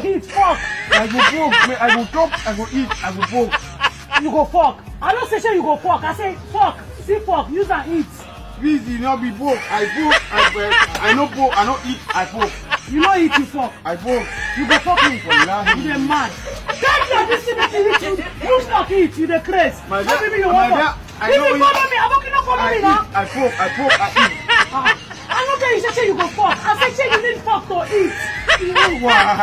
go eat, fuck. I go broke, I go drop, I go eat, I go broke. You go fuck. I don't say sure you go fuck. I say fuck. See fuck, use and eat. Please, you not be broke. I broke, I, I, I no broke, I no eat, I broke. You not eat, you fuck. I broke. You go fuck me. You're mad. That's your disability, you. You fuck eat, you the craze. My dad, my dad. I Leave know me, follow me. i you not gonna follow me now. I broke, I broke, I eat. Ah, I don't care, you say you go fuck. I say you need fuck to eat. You know why?